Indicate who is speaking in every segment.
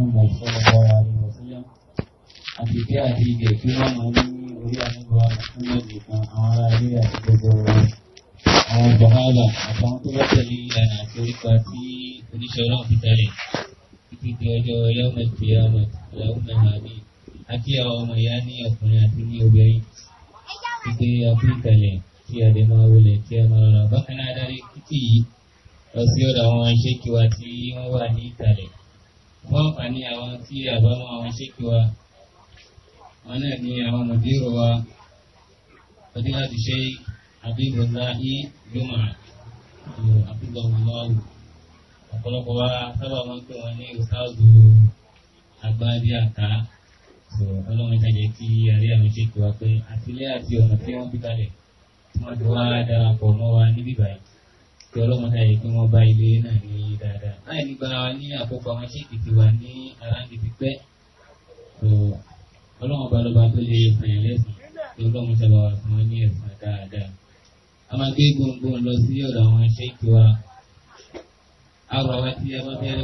Speaker 1: Muhammad sallallahu alaihi wasallam àti pé àti ìgbẹ́ tí wọ́n máa ní orí àmúgbà Muhammad nìkan àwọn ará ilé àti gbogbo àwọn bọ̀hálà àtàwọn tó bá tẹ̀lé ìlànà àti orípa tí oníṣẹ́ ọlọ́run fi tẹ̀lẹ̀ títí di ọjọ́ yọ́mọ̀ tí yọ́mọ̀ yọ́mọ̀ àmì àti àwọn ọmọ ìyá ní ọkùnrin àti ni, obìnrin títí àfíìkàlẹ̀ tí a lè máa wọlé tí a máa rọra bákan náà darí títí yìí lọ sí ọ̀dọ̀ àwọn iṣẹ́ kíwa tí wọ́n wà ní ìkàlẹ̀ wọ́n fà ní àwọn tí àbámọ́ àwọn ṣékì wa wọn náà ní àwọn mọ̀dírò wa ọdún láti ṣe Habibullahi Juma abúlọ̀wọ̀lọ́wọ̀ ọ̀pọ̀lọpọ̀ wa sábà máa ń pè wọ́n ní ọ̀sáàzù agbábí àká ọlọ́run ìtajà kí àrí àwọn ṣékì wa pé àtìlẹ́ àti ọ̀nà tí wọ́n bí kalẹ̀ tí wọ́n ti wá darapọ̀ mọ́ wa níbí báyìí kí ọlọ́run láyé pé wọ́n bá ilé náà ní dáadáa. láì ní gbára wa ní àkókò àwọn tí ìdìbò wa ní aláǹdì pípẹ́ ọlọ́run ọba lọ́ba tó lè fàyàn lẹ́sìn kí ọlọ́run sábà wà fún wọn ní ẹ̀sán dáadáa. a máa gbé gbòǹgbòǹ lọ sí ọ̀dọ̀ àwọn iṣẹ́ ìpè wa. àrò àwa tí a bá fẹ́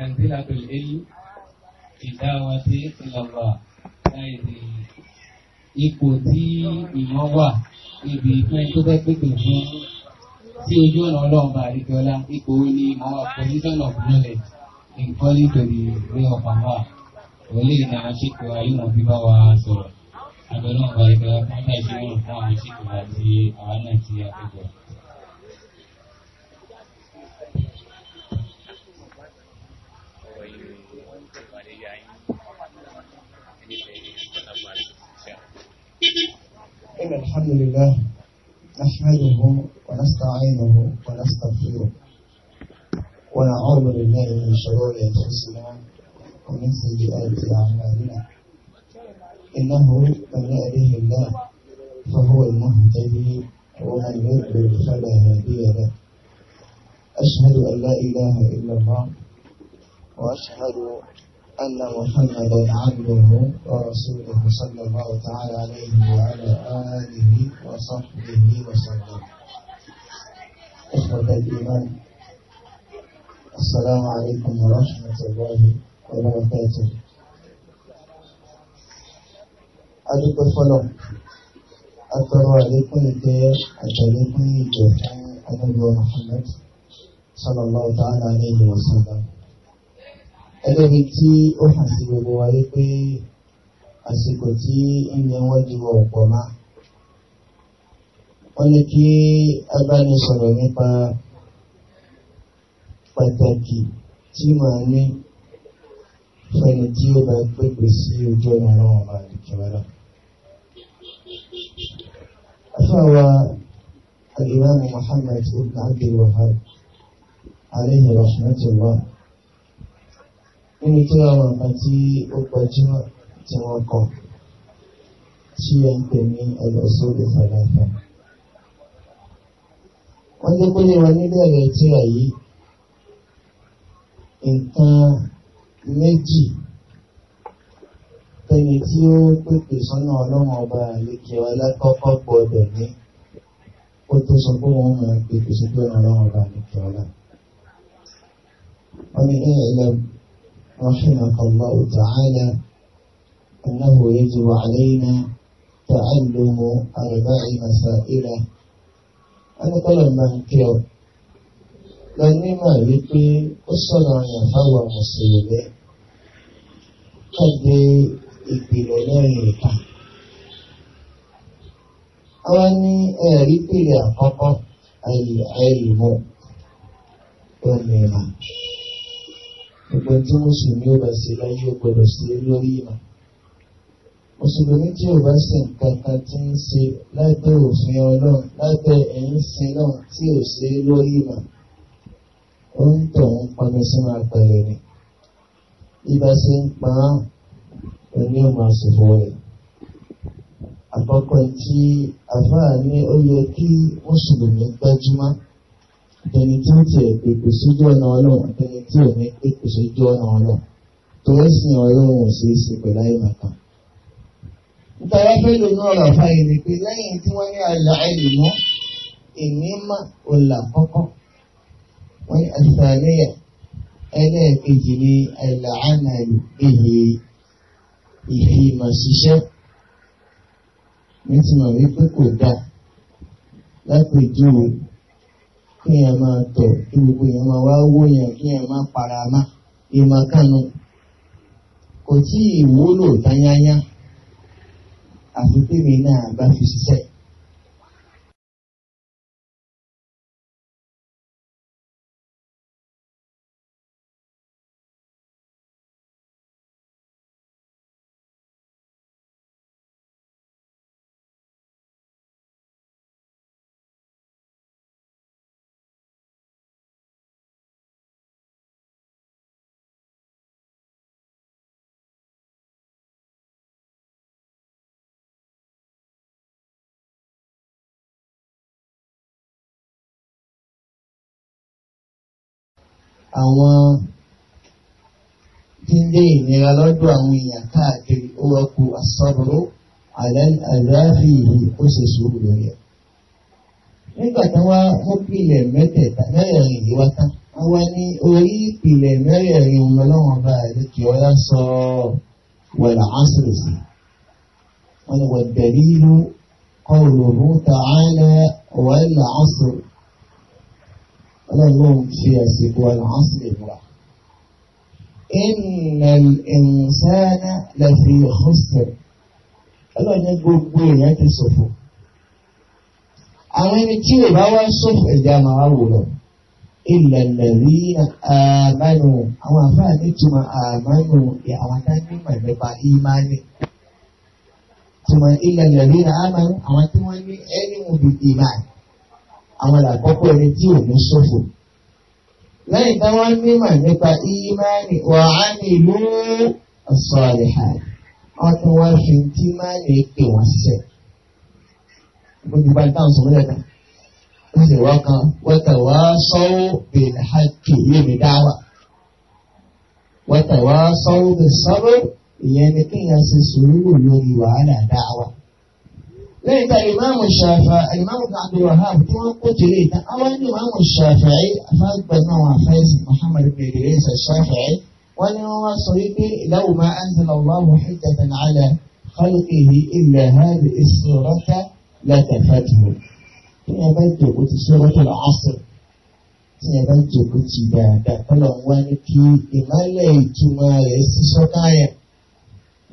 Speaker 1: منزلة العلم بدعوة إلى الله láìní ipò tí ìmọ̀ wà níbi ìpín tó fẹ́ pèpè fún tí ojú ọ̀nà ọlọ́run bá àríkẹ́ ọlá ipò ó ní ìmọ̀ wà position of knowledge in calling to the way of Allah òlé ìnà àṣìkò ayélujára fi bá wa sọ̀rọ̀ abẹ́rẹ́ ọ̀bà ìgbà fún àṣìkò fún àwọn àṣìkò àti àwọn náà ti àgbẹ̀gbẹ̀.
Speaker 2: إن الحمد لله نحمده ونستعينه ونستغفره ونعوذ بالله من شرور أنفسنا ومن سيئات أعمالنا إنه من يهده الله فهو المهتدي ومن يضلل فلا هادي له أشهد أن لا إله إلا الله وأشهد أن محمدا عبده ورسوله صلى الله تعالى عليه وعلى آله وصحبه وسلم إخوة الإيمان السلام عليكم ورحمة الله وبركاته أدب الفلو أترى عليكم الكيش أتريكم الجوحان أنا محمد صلى الله تعالى عليه وسلم ẹlẹ́ni tí ó hàn sí gbogbo wa wípé àsìkò tí ilẹ̀ wọn di ọ̀pọ̀ máa wọ́n ní kí a bá ní sọ̀rọ̀ nípa pàtàkì tí màá ní fẹ́ni tí ó bá pépè sí ojú ọ̀nà àwọn ọmọ àdìkẹ́wàrà. Afáwa Al-Imam ibn Abdul Wahhab, alayhi rahmatullah níbi tí àwọn nǹkan tí ó gbajúmọ̀ tí wọ́n kọ tí a ń pè ní ẹlọ́sọ́dọ̀ fàlàfà. Wọ́n jẹ́ pé wa níbẹ̀rẹ̀ tíra yìí nǹkan méjì tẹni tí ó pèpè sọ́nà ọlọ́run ọba àlejò alákọ́kọ́ gbọ́dọ̀ ní ó tó sọ pé wọ́n mọ̀ pèpè sí pé ọlọ́run ọba àlejò ọlá. Wọ́n ní ilé ẹ̀lẹ́mù. رحمك الله تعالى أنه يجب علينا تعلم أربع مسائل أنا قال منكر لأني ما يبي الصلاة يفوى مصيبة قد يقبل لنا أني أريد أقوى العلم والنعمة gbogbo tí mùsùlùmí ò bá ṣe láyé ó gbọdọ̀ ṣe lórí ìmọ̀ mùsùlùmí tí ò bá ṣe nǹkan kan tí ń ṣe lábẹ́ òfin ọlọ́run lábẹ́ ẹ̀yìn sin náà tí ò ṣe lórí ìmọ̀ ó ń tọ̀ ń pami sínú apẹ̀rẹ̀ ni ibà ṣe ń pa á òní ò máa ṣòfò rẹ̀ àkọ́kọ́ tí àfáà ní ó yẹ kí mùsùlùmí gbájúmọ́ àtẹni tí ó tiẹ̀ pèpè sójú ọ̀nà ọlọ́run àtẹni tí ò ní pèpè sójú ọ̀nà ọlọ́run torí sìn ọlọ́run ò ṣeé ṣe pẹ̀lú ayé màkàn. Ìtara fẹ́lẹ̀ ní ọ̀rọ̀ àfáyé ni pé lẹ́yìn tí wọ́n ní àlà àìlùmọ́, èmi mà ọ̀là kọ́kọ́. Wọ́n ní àṣàlẹ́yà ẹlẹ́ẹ̀kejì ni àlà ànàlù èyí ìfìmọ̀ ṣiṣẹ́. Ní ti mọ̀ wípé kò dáa lápèjúwe kí ẹ máa tọ̀ kí gbogbo èèyàn máa wá wó yẹn kí ẹ máa para má ìmọ̀ kánú kò tí ì wúlò tányányá
Speaker 1: àfi pé mi náà bá fi ṣiṣẹ́. àwọn
Speaker 2: tí ń dé ìnira lọ́dọ̀ àwọn èèyàn káàkiri ó wá ku àsọ̀rọ̀ àlàáfì yìí ó ṣe sùúrù lórí ẹ̀. nígbà tí wọ́n mú pìlẹ̀ mẹ́tẹ̀ẹ̀ta mẹ́rẹ̀ẹ̀rin yìí wá tán wọ́n wá ní orí ìpìlẹ̀ mẹ́rẹ̀ẹ̀rin ọlọ́wọ́n bá àlékè ọlá sọ wẹ̀lá ásìrì sí. wọ́n ní wọ́n dẹ̀lí ìlú قوله تعالى والعصر كل سياسي والعصر الواحد إن الإنسان لفي خسر الله يقول بي يأتي صفو أنا نتشيه بوا صف إجامة أولا إلا الذين آمنوا أو أفاني ثم آمنوا يا أعطاني ما نبا إيماني ثم إلا الذين آمنوا أو أعطاني أني مبي إيماني àwọn làkọ́kọ́ ẹni tí ò ní ṣòfò. lẹ́yìn táwọn mímọ̀ nípa ìmáàní wà á ní ìlú ọ̀sọ̀rẹ̀hà wọ́n tún wá fi tí máa ní pè wọ́n ṣiṣẹ́. gbogbo bá dáhùn sọ̀rọ̀ lẹ́ka wọ́n sì wá kan wọ́tà wá wá sọ́wọ́ lẹ́yìn tá ìmáàmù ṣàfà ìmáàmù Abdul Wahab tí wọ́n kó tìlé ìta àwọn ní ìmáàmù Ṣafi'i afágbẹ̀nú àwọn afẹ́sì Muhammad bin Idris Ṣafi'i wọ́n ní wọ́n wá sọ wípé law ma anzala Allahu hujjatan ala khalqihi illa hadhihi as-surata latafatuhu. tí yẹn bá jòkó ti suratul Asr tí yẹn bá jòkó ti dáadáa kọ́lọ̀ wá ní kí ìmálẹ̀ ìtumọ̀ rẹ̀ sísọ́ káyà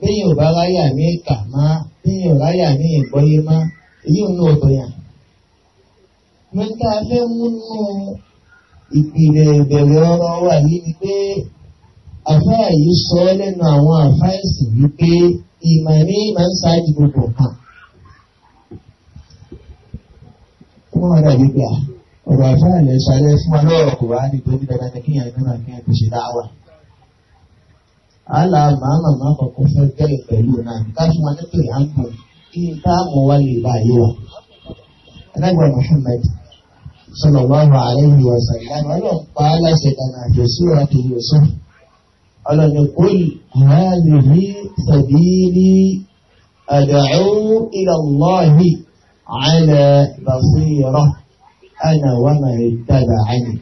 Speaker 2: bẹ́yìn ò bá ráyà ní kà má bẹ́yìn ò ráyà ní ìgbọ́yé má èyí ò ní ọ̀dọ̀ mẹ́ta fẹ́ múnú ìpìlẹ̀ ìbẹ̀rẹ̀ ọ̀rọ̀ wà yìí ni pé àfáà yìí sọ ọ́ lẹ́nu àwọn àfáà ẹ̀sìn wípé ìmọ̀ ní ìmọ̀ ń ṣáájú gbogbo kan. wọ́n rẹ̀ wípé ọ̀rọ̀ àfáà lẹ̀ ṣàlẹ̀ fún wa lọ́rọ̀ kò wá nítorí dandan ní kíyàn náà kíyàn àlà màmá má kọ̀kọ́ fẹ́ bẹ́ẹ̀ pẹ̀lú náà ká fún wa nípè à ń bọ̀ kí n ká mọ̀ wá lè bá yé wa. Ẹlẹ́gbẹ́ Muhammad sallallahu alaihi wa sallam ọlọ́run pa á láṣẹ kan àjọ síra tó yẹ sọ. Ọlọ́run kò hadhihi sabili ad'u ila Allahi ala basira ana wa man ittaba'ani.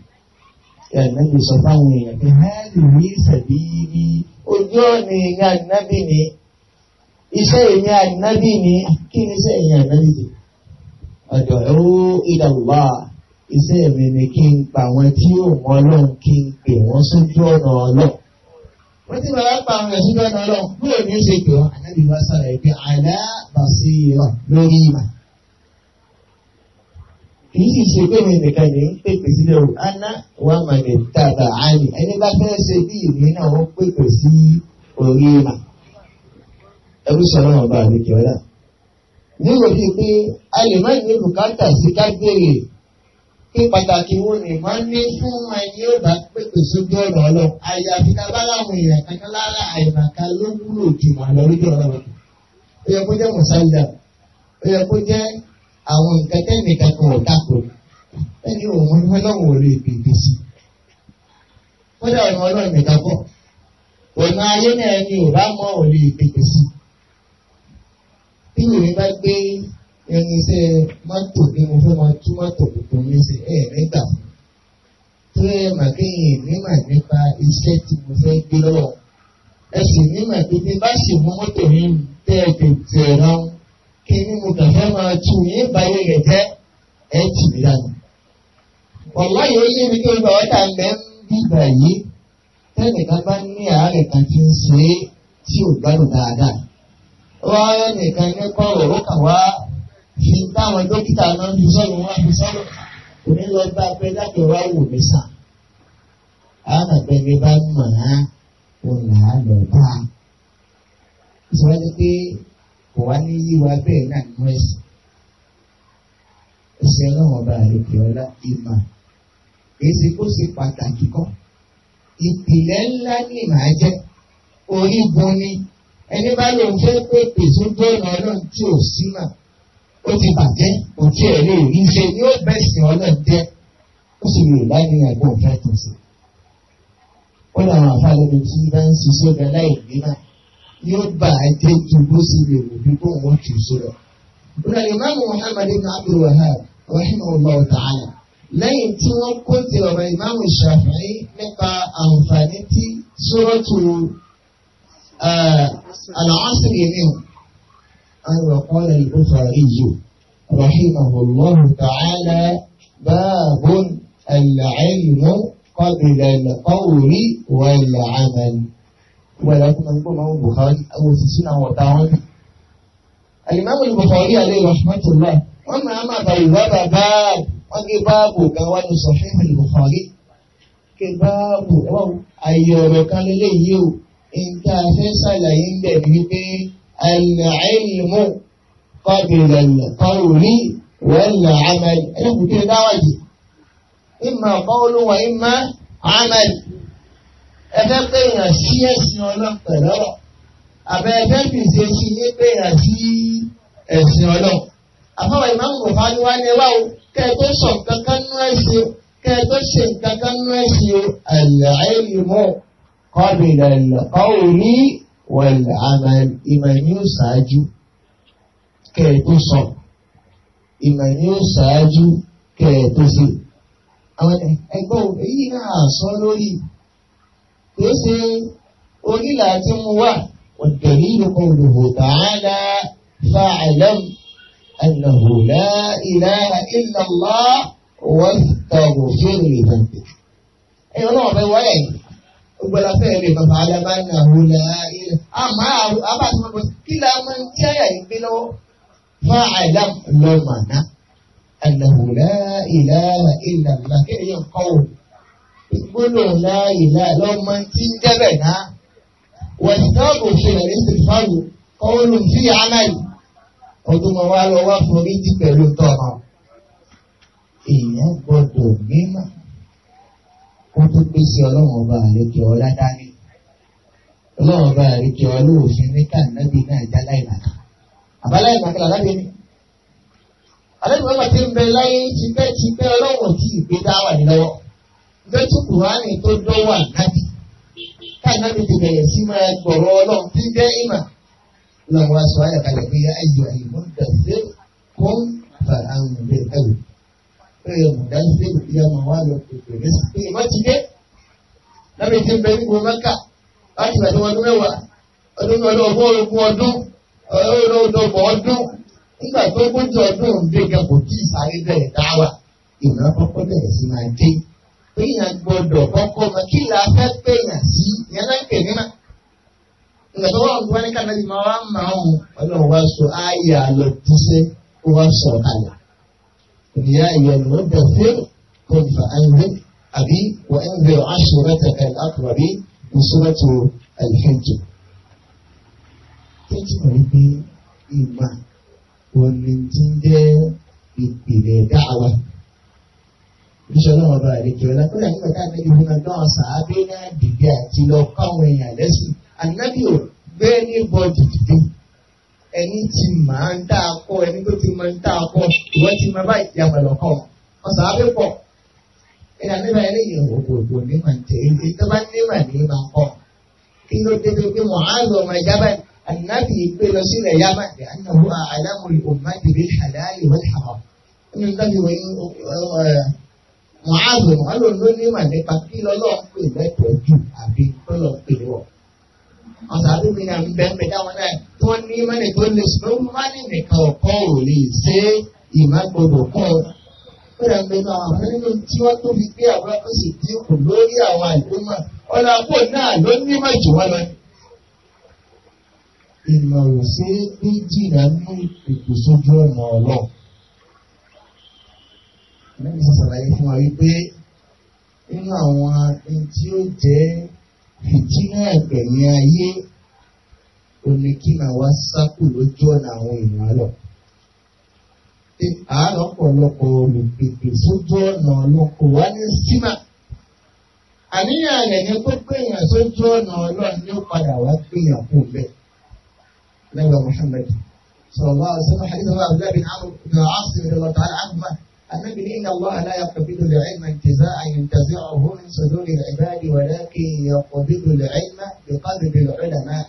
Speaker 2: Ẹ̀ẹ́dẹ́gbẹ̀sọ fáwọn èèyàn pé hadhihi sabili ojú ọ̀nà èèyàn ànábì ni iṣẹ́ èèyàn ànábì ni kí ni iṣẹ́ èèyàn ànábì ni ọ̀dọ̀ ẹ̀rú ìdàgbà iṣẹ́ mi ni kí n pa àwọn tí yóò mọ ọlọ́run kí n pè wọ́n sójú ọ̀nà ọlọ́run wọ́n ti bàbá pa àwọn ẹ̀sùn lọ́nà ọlọ́run bí òní ṣe pè wọ́n ànábì wá sára ẹ̀ kì í sì ṣe pé mi nìkan ní pèpè sílẹ̀ o aná wà màdé tàbà àní ẹni bá fẹ́ ṣe bí ìmí náà ó pèpè sí orí mà ẹrú sọ̀rọ̀ àwọn ọba àlejò ọ̀la ní òfin pé a lè má ní bùkátà sí ká béèrè kí pàtàkì wo lè má ní fún ẹni ó bá pèpè sójú ọ̀rọ̀ ọlọ́run àyàfi ká bá láwọn èèyàn kankan lára àyàmàká ló wúlò jù mà lọ́rí ọ̀rọ̀ ọ̀rọ̀ ó yẹ kó jẹ́ àwọn nǹkan tẹ́nìkan kan ò dáko ẹni òun ọlọ́run ò lè gbèdé sí i kódà ọ̀nà ọlọ́run nìkan bọ̀ ọ̀nà ayé náà ni ò bá mọ́ ò lè gbèdé sí i bí èmi bá gbé ẹni iṣẹ́ mọ́tò bí mo fẹ́ máa tú mọ́tò tuntun ní ṣe ẹ̀ nígbà tó ẹ màkéyìn nímà nípa iṣẹ́ tí mo fẹ́ gbé lọ́wọ́ ẹ sì nímà pé bí bá sì mú mọ́tò yín tẹ́ ẹ tètè èmi mo kàn fẹ́ máa tu yín báyé rẹ̀ jẹ́ ẹ̀ tì mí dànù. ọ̀la yóò yé mi tó ibà ọ̀dà mẹ́ ń bíbà yìí tẹ́nìkan bá ní àárẹ̀ kan ti ń ṣe é tí ò gbádùn dáadáa. wá ẹnìkan ní kọ́rọ̀ ó kàn wá fi táwọn dókítà náà fi sọ́rọ̀ wá fi sọ́rọ̀ òní lọ bá a pé wá wò mí sàn. àwọn àgbẹ̀ni bá bá a. ìṣòro ni pé kò wá ní yíwa bẹ́ẹ̀ náà nínú ẹ̀sìn ẹ̀sìn ọlọ́wọ́n bá àlòkè ọlá ìmọ̀ èsì kó sì pàtàkì kọ́ ìpìlẹ̀ ńlá ní màá jẹ́ orígun ni ẹni bá lóun fẹ́ pé pèsè tó ràn ọlọ́run tí ò sí mà ó ti bàjẹ́ òtí ẹ̀ lè rí ṣe ni ó bẹ̀sìn ọlọ́run jẹ́ ó sì lè bá ní àgbọ̀n fẹ́ tó ó làwọn àfàlẹ́ mi tí bá ń ṣiṣẹ́ ọ̀gá láì ní náà. يتبع عتيت مسلم بقوة وتشرع قلنا الإمام محمد بن عبد الوهاب رحمه الله تعالى lẹ́yìn tí wọ́n kó ti ọ̀rọ̀ ìmáàmù Ṣàfi'í nípa àǹfààní tí sórọ́tù al-Asr yìí àwọn ọ̀kọ́lẹ̀ al-Bukhari rahimahullahu ta'ala babun al-ilmu qabla al-qawli wal-amal. ولكن الإمام البخاري أو سنة وتعالى الإمام البخاري عليه رحمة الله وما أما الباب باب وكباب كوان صحيح البخاري كباب أو أيوة كان ليه إن تافس لين العلم قبل القول والعمل أنا كنت إما قول وإما عمل ẹfẹ́ pé èèyàn sí ẹ̀sìn ọlọ́pẹ̀ lọ́rọ̀ àbẹ ẹfẹ́ fìṣe sí yé pé èèyàn sí ẹ̀sìn ọlọ́pẹ̀ àfọwọ́ ìmáàmù bàbá ni wá ní wá o kẹ́ ẹ tó sọ kankan nú ẹ̀sìn o ẹ tó ṣe kankan nú ẹ̀sìn o àlàyémọ̀ kọ́bìlà ẹ̀lọ́kọ́ òní wọ̀lẹ̀ àmà ìmọ̀ ní ó ẹ tó sọ ìmọ̀ ní ó ẹ tó ṣe àwọn ẹgbẹ́ òun èyí náà sọ lórí kìí ṣe orílẹ̀ àti mú wà ọ̀dẹ̀rí lókun olùbò tààlà fa'alam annahu la ilaha illa Allah wastaghfir li dhanbik. ẹ̀yọ́ náà fẹ́ wọ́lẹ̀ yìí gbọ́dọ̀ fẹ́ rè bàbá alábàánáwó la ilẹ̀ àmọ́ àbáṣọ́ bọ̀ kí annahu la ilaha illa Allah kéèyàn kọ́wọ́ gbọ́dọ̀ láàyè lọ́mọ tí ń dẹ́bẹ̀ náà wọ́n ti dáàbò ṣe rẹ̀ ní ìfàlù kọ́wọ́ ló ń fi àná yìí ọdún mọ́ wá lọ wá forí dí pẹ̀lú tọ̀nà èèyàn gbọ́dọ̀ mímọ́ kó tó pèsè ọlọ́run ọba àlejò ọlá dání ọlọ́run ọba àlejò ọlọ́òfin níta nábì náà já láìmàkà àbálá ìmàkà làlábẹ́ ni àlejò ọlọ́run ti ń bẹ láyé tipẹ́tipẹ́ ọlọ́run ò tí ì ní lọ́wọ́ lẹ́tí kùránì tó dọ́wọ́ àkábì káàná ti bẹ̀rẹ̀ sí máa gbọ̀rọ̀ ọlọ́run tí ń ìmà lọ́wọ́ wa sọ ayọ̀ kalẹ̀ pé ayọ̀ àyùmọ̀ dàbẹ́ kún fara àwọn ìlú ẹ̀wò pé ọmọ dáńsẹ́ ìyá ọmọ wa lọ pèpè rẹ sí pé ìmọ̀ ti dé lábẹ́ ti ń bẹ nígbò mẹ́kà láti bàtí wọn ọdún mẹ́wàá ọdún mẹ́wàá ọgọ́rùn-ún ọdún ọdún ọdún nígbà tó gbójú ọdún òǹdè gan kò tí ì sáré bẹ̀rẹ̀ dáwà ìmọ̀ àkọ́kọ́ bẹ̀rẹ̀ sí máa dé téèyàn gbọdọ̀ kọ́kọ́ mọ kí là á fẹ́ péyàn sí ìyẹn náà ń pè ní mà. Ìgbà tó wọ́n wọ́n ní kánálì máa wá máa ń ọlọ́run wá sọ ayé àlọ́ tíṣẹ́ ó wá sọ àlà. Ìyá ìyọ̀nù ó bẹ̀ fẹ́ kọ́ńfà ẹ̀ńdẹ́ àbí wọ́n ń bẹ̀ aṣọ rẹ̀tẹ̀ ẹ̀ àkùrọ̀bí ìṣúrẹ̀tò ẹ̀lẹ́jọ. Tẹ́tí mọ̀ wípé ìmọ̀ òní ti ń jẹ́ ìpìlẹ̀ dáhàwá ìṣọ́nà ọba àlejò ọ̀la kódà nígbà tá ànábì fún ọdún ọ̀sà abẹ́ náà dìde àti lọ káwọn èèyàn lẹ́sìn ànábì ò gbé ní bọ́ọ̀dì dìde ẹni tí màá ń dá akọ ẹni tó ti máa ń dá akọ ìwọ́n ti máa bá ìyàwó lọ́kọ̀ ọ̀sà abẹ́ pọ̀ ẹni ànábì ayẹyẹ yẹn ògbòògbò ní màá tẹ ẹni tó bá ní màá ní màá kọ́ kí ló dé pé mọ̀ á lọ Mọ̀háàbù Mọ̀háàbù ló ní mà nípa kí lọ́lọ́ pè lẹ́tọ̀ọ́ jù àbí tọ́lọ̀ pè wọ̀. Wọ́n sàbí mi náà ń bẹ́ pẹ̀ dáwọn náà tí ní mẹ́rin tó lè sùn ló má ní nìkan ọ̀kọ́ ò lè ṣe ìmágbọ́dọ̀ kọ́ ọ. Bẹ́ẹ̀ ni àwọn afẹ́nínú tí wọ́n tó fi gbé àwọn akọ́sì tí kù lórí àwọn àìlúmọ̀ ọ̀nà àpò náà ló ní mà jù wọ́n lọ. Ìmọ̀ràn ṣe é gbé jìnnà ní ìpèsè ojú ọ̀nà ọlọ́run níbi ṣàlàyé fún wa wípé nínú àwọn tí ó jẹ́ fìtínà ẹ̀gbẹ̀mí ayé omi kí màá wá sákù lójú ọ̀nà àwọn èèyàn lọ. Àárọ̀ ọ̀pọ̀lọpọ̀ olùgbègbè sójú ọ̀nà ọlọ́kọ̀ wá ní símà. Àníyàn rẹ̀ ni gbogbo èèyàn sójú ọ̀nà ọlọ́run ni ó padà wá gbìyàn kù bẹ́ẹ̀. Lẹ́gbàá Mùsùlùmí. Sọ̀rọ̀ bá a sọ́nà Hadith Abdullahi bin Amr bin Asim bin Allah Ta'ala Ahmad. النبي إن الله لا يقبض العلم انتزاعا ينتزعه من صدور العباد ولكن يقبض العلم بقدر العلماء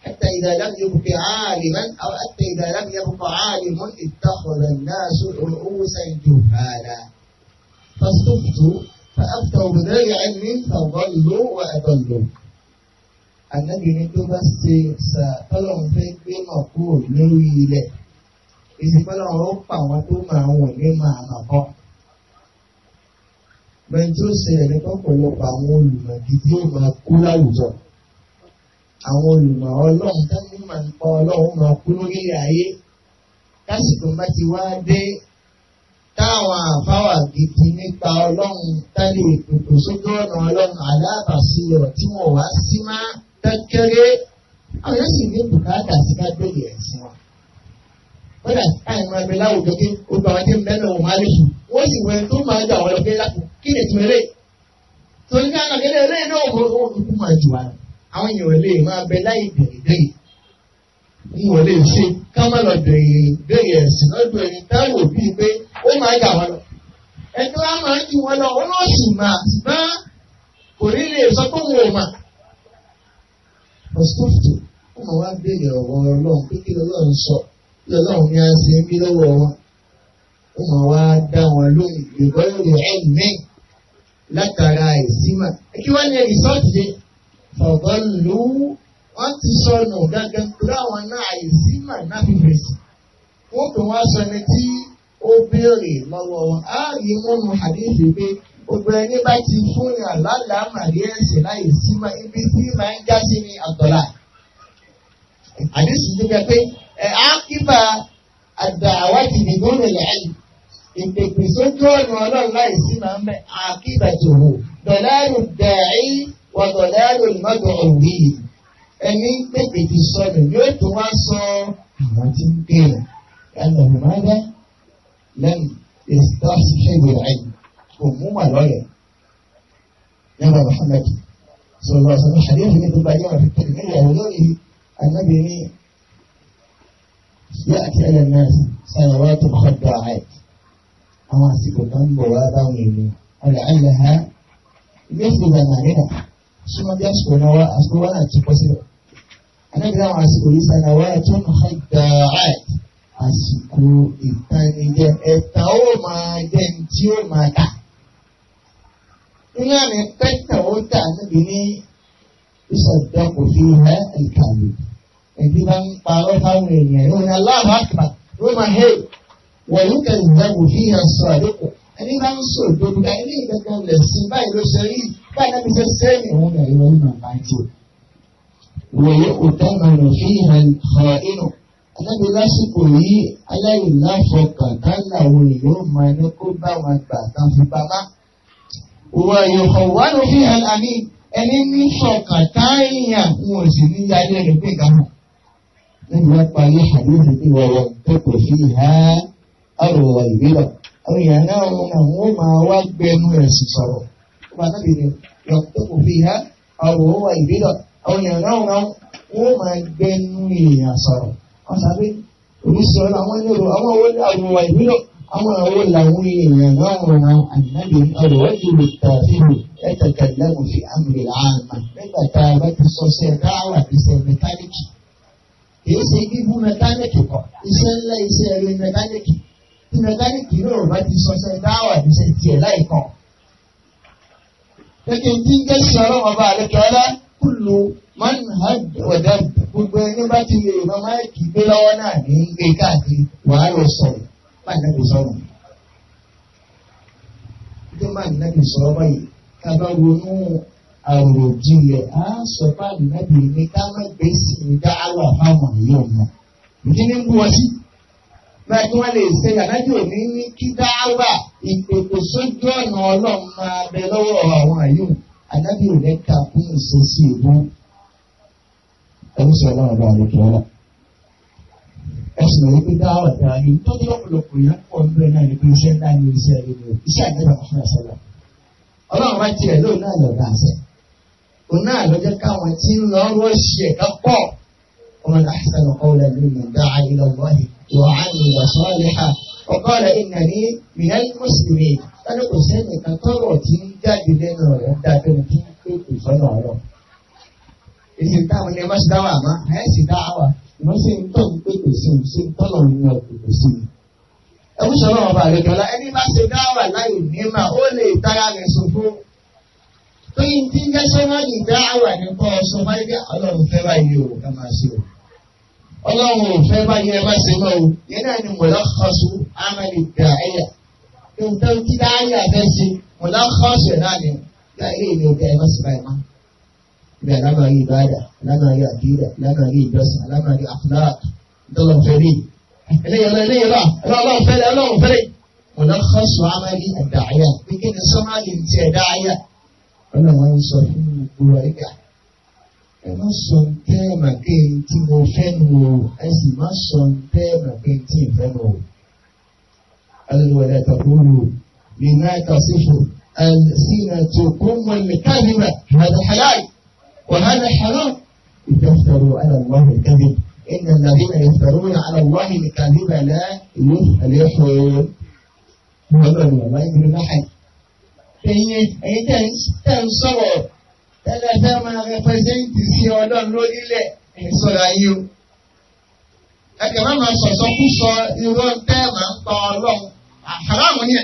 Speaker 2: حتى إذا لم يبق عالما أو حتى إذا لم يبق عالم اتخذ الناس رؤوسا جهالا فاستفتوا فأفتوا بغير علم فضلوا وأضلوا النبي ندبس سأطلعوا في قيمة قول لوي ìsìnkọ́lọ́ wọn ó pa àwọn tó máa wọ̀ ní máa mà kọ́. bẹ́ẹ̀ tó ṣẹlẹ̀ ní pọ̀pọ̀lọpọ̀ àwọn olùmọ̀ gidi ó máa kú láwùjọ. àwọn olùmọ̀ ọlọ́run táwọn máa ń pa ọlọ́run máa kú lórí ayé lásìkò bá ti wá dé táwọn àfáwà gidi nípa ọlọ́run tálẹ̀ ìpètò sójú ọ̀nà ọlọ́run alábàásílẹ̀ tí wọ́n wá sí máa dákẹ́rẹ́ àwọn yóò sì ní bùkátà sí ká gbèrè ẹ̀sìn wọn kódà káyọ̀ máa bẹ láwùjọ pé gbogbo àwọn tí ń bẹ́ẹ̀ lọ́wọ́ máa lè sùn wọ́n sì wẹ tó máa gbà wọ́n lọ pé lápò kí ni ètò eré tó ní káyọ̀ kí ni eré náà wọ́n ó kú máa jù wá àwọn èèyàn lè máa bẹ láì bẹ̀rẹ̀ bẹ̀rẹ̀ ní wọ́n lè ṣe ká má lọ bẹ̀rẹ̀ bẹ̀rẹ̀ ẹ̀sìn lọ́dọ̀ ẹni táwọn òbí pé ó máa gbà wọ́n lọ ẹni wá máa ju wọn lọ wọn náà sì máa ṣùgbọ́n kò ní lè sọ pé òun ò mà ọ̀sọ́fù ó máa wá bẹ̀rẹ̀ ọ̀rọ̀ ọlọ́run pé kí lọ́lọ́run lọ́lọ́run ni a ṣe ń bí lọ́wọ́ wọn wọn wá dá wọn lóhùn ìgbọ́ ìrò ẹ̀mí látara ìsímà kí wọ́n ní rìsọ́ọ̀tì fọ̀gọ́ lù ú wọ́n ti sọnù gángan kúrò àwọn náà àìsímà náà fi fèsì wọ́n kò wá sọ ní tí ó béèrè lọ́wọ́ wọn á rí múnú àdéhùn pé gbogbo ẹni bá ti fún yàn lálàámàrí ẹ̀sìn láì símà ibi tí màá ń já sí ní àtọ̀là àdéhùn tó bẹ pé àkíbà àdàwà ìdìgbòrò lẹ́yìn ìpèpè sójú ọ̀nà ọlọ́run láì sí máa ń bẹ àkíbà tòwò dọ̀láàrù dàí wà dọ̀láàrù ìmọ̀dọ̀ òwì ẹni pèpè ti sọnù yóò tó wá sọ àwọn tí ń pè ọ́ ẹnu ọ̀nàmọ́dá lẹ́nu ìsítọ́sí ṣẹ́gun ẹ̀yìn kò mú wà lọ́yẹ̀ yàrá Muhammad sọ̀rọ̀ sọ̀rọ̀ ṣàlẹ́ ìfẹ́ tó bá yàrá fi tẹ̀lé ìyàwó lórí anábìrin يأتي على الناس سنوات خداعات أواسك الذنب وباوين ولعلها مثل زماننا ثم بيسكن وأسكن تقصر أنا بلا أواسك لي سنوات خداعات àsìkò ìtanijẹ ẹ̀ta ó máa jẹ́ ní tí ó máa tà nínú àmì pẹ́tà ó tà níbi ní ìsọ̀dọ́kùnfin ẹbí bá ń parọ́ fáwọn èèyàn ìwọ̀n ni aláàbá àkàbà roman hay wọ̀n ní kẹ̀lẹ́gbẹ̀wò fi hàn sọ àdékù ẹni bá ń sọ òdodo ká ilé ìgbẹ́gbẹ́ lẹ̀ sí báyìí ló ṣe rí báyìí náà fi ṣe sẹ́yìn òun náà ìwọ̀n ní màmá jù. wòye òtẹ́mọ̀rọ̀ fi hàn sọ inú alábi lásìkò yìí aláìláfọkàn ká làwọn èèyàn máa ní kó bá wọn gbà kan fi pamá. wọ́n yóò wá ló fi hàn àmì ẹni ní sọkàn táyà wọn ò sì ní yálé rẹ̀ pé nípa yí àdéhùn bí wọ́n wọ́n tẹ́kọ̀ọ́ sí ìhá àròwà ìbílọ̀. àwọn èèyàn náà wọn náà wọn máa wá gbẹnu ẹ̀sìn sọ̀rọ̀ ó máa nábì ní wọ́n tẹ́kọ̀ọ́ sí ìhá àròwà ìbílọ̀. àwọn èèyàn náà wọn wọn máa gbẹnu èèyàn sọ̀rọ̀ wọn sàbí oníṣẹ́ ọ̀la wọn nílò àwọn owó àròwà ìbílọ̀ àwọn owó làwọn èèyàn náà wọn ànábì kìí ṣe bíbú mẹkáníìkì kọ iṣẹ́ ńlá iṣẹ́ ẹ̀rọ mẹkáníìkì tí mẹkáníìkì náà bá ti sọ sẹ́ dáwà níṣẹ́ tiẹ̀ láìkọ́. Gẹ́gẹ́ tí ń gẹ́sì ọlọ́run ọba àlekẹ́lá kùlù man had wẹ̀dẹ́ gbogbo ẹni bá ti lè rọ máìkì gbé lọ́wọ́ náà ní gbé káàkiri wàá lọ sọ̀rọ̀ bá nàbì sọ̀rọ̀. Ìjọba nàbì sọ̀rọ̀ báyìí ká bá ronú àròjinlẹ̀ á sọ fún àdìmẹ́bì ní ká má gbé sí i dá àwọ̀ fáwọn ìyá ọ̀nà. Ìdí ní ń bú wọn sí. Bẹ́ẹ̀ kí wọ́n lè ṣe àdájọ́ òní ní kí dá àwà ìpèkò sójú ọ̀nà ọlọ́run máa bẹ lọ́wọ́ àwọn àyò. Àdájọ́ òní ká fún ìṣesí ìbú. Ẹni sọ̀rọ̀ ọ̀dọ̀ àlejò ọ̀la. Ẹ̀sìn òní dá àwà dára ní tọ́jú lọ́pọ̀lọpọ̀ ìyá pọ̀ ń bẹ náà ní pé iṣẹ́ ńlá ní iṣẹ́ ìlú. Iṣẹ́ àgbẹ̀ òun náà ló jẹ́ káwọn tí ń lọ rọ́ọ̀ṣì ẹ̀ka pọ̀ ومن أحسن قولا ممن دعا إلى الله وعمل صالحا وقال إنني من المسلمين ẹni kò sẹ́ni kan tọ́rọ̀ tí ń jáde lẹ́nu ọ̀rọ̀ dáadọ́ ní kí n pé kò sọ́nà ọ̀rọ̀. èsì táwọn ilé máṣe dáwà àmọ́ ẹ̀ sì dá àwà ìmọ̀ sí ń tọ́ ń pé kò sí ń sí ń
Speaker 1: tọ́nà ní ọ̀pọ̀ kò sí ni.
Speaker 2: ẹ̀kú sọ̀rọ̀ ọba àrẹ̀jọ́lá ẹni bá ṣe dáwà láì ní mà ó lè tara rẹ̀ sọ fún pé n ti ń jẹ́ sẹ́wájú dá àwà ní kọ́ ọsọ báyìí bí ọlọ́run fẹ́ báyìí o ẹ máa ṣe o
Speaker 1: ọlọ́run ò fẹ́ báyìí ẹ má ṣe náà o yẹn náà ni mọ̀lákọ́sù
Speaker 2: amẹ́lì dà ẹ̀yà nǹkan tí dáhàyà fẹ́ ṣe mọ̀lákọ́sù ẹ̀ náà ni dá ilé ìlú ọ̀gá ẹ má ṣe báyìí má ibẹ̀ alámàrí ìbáàdà alámàrí àdúrà alámàrí ìjọsìn alámàrí àfúnáàtù ntọ́lọ́fẹ́rì eléyọ̀lọ́ eléyọ̀lọ́ ọlọ́run ọlọ́wọ́ ń sọ fún gbogbo ẹ̀ka ẹ má sọ tẹ́ ẹ mà pé tí mo fẹ́ nu o ẹ sì má sọ tẹ́ tí nu o. ẹ̀ الكذبة هذا حلال وهذا حرام لتفتروا على الله الكذب إن الذين يفترون على الله الكذب لا يفلحون ولن ما يجرم أحد ẹ̀yin ẹ̀yin tẹ̀ ń sọ̀rọ̀ tẹ́lẹ̀ fẹ́ máa rẹpẹsẹ́ǹtì sí ọlọ́run lórílẹ̀ ẹ̀yin sọ̀rọ̀ ayé o. ẹ̀kẹ́ máa ma sọ̀sọ́ kú sọ irọ́ tẹ́ máa ń pa ọlọ́run àhàràmù ni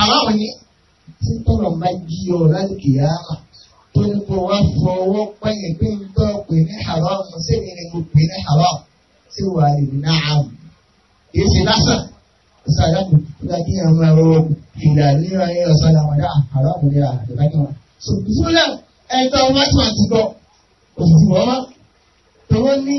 Speaker 2: àhàràmù ni. tí tọrọ máa di ọ̀rá kìyàmà tó ní kó wá fọwọ́ pẹ́yìn pé ń tọ́ pè ní àhàràmù sẹ́mi ni mo pè ní àhàràmù sí wàá rìn náà àmù. lásán ọ̀sán àdàkùn kí ìdàlíra yẹn ọ̀sán àwọn ọ̀dà àrọ́ọ̀mù nira àdìbáyé wọn. so ìfúnlẹ̀ ẹ̀tọ́ wáṣíwá ti gbọ́ òsì wọ́n mọ́ tọ́wọ́ ní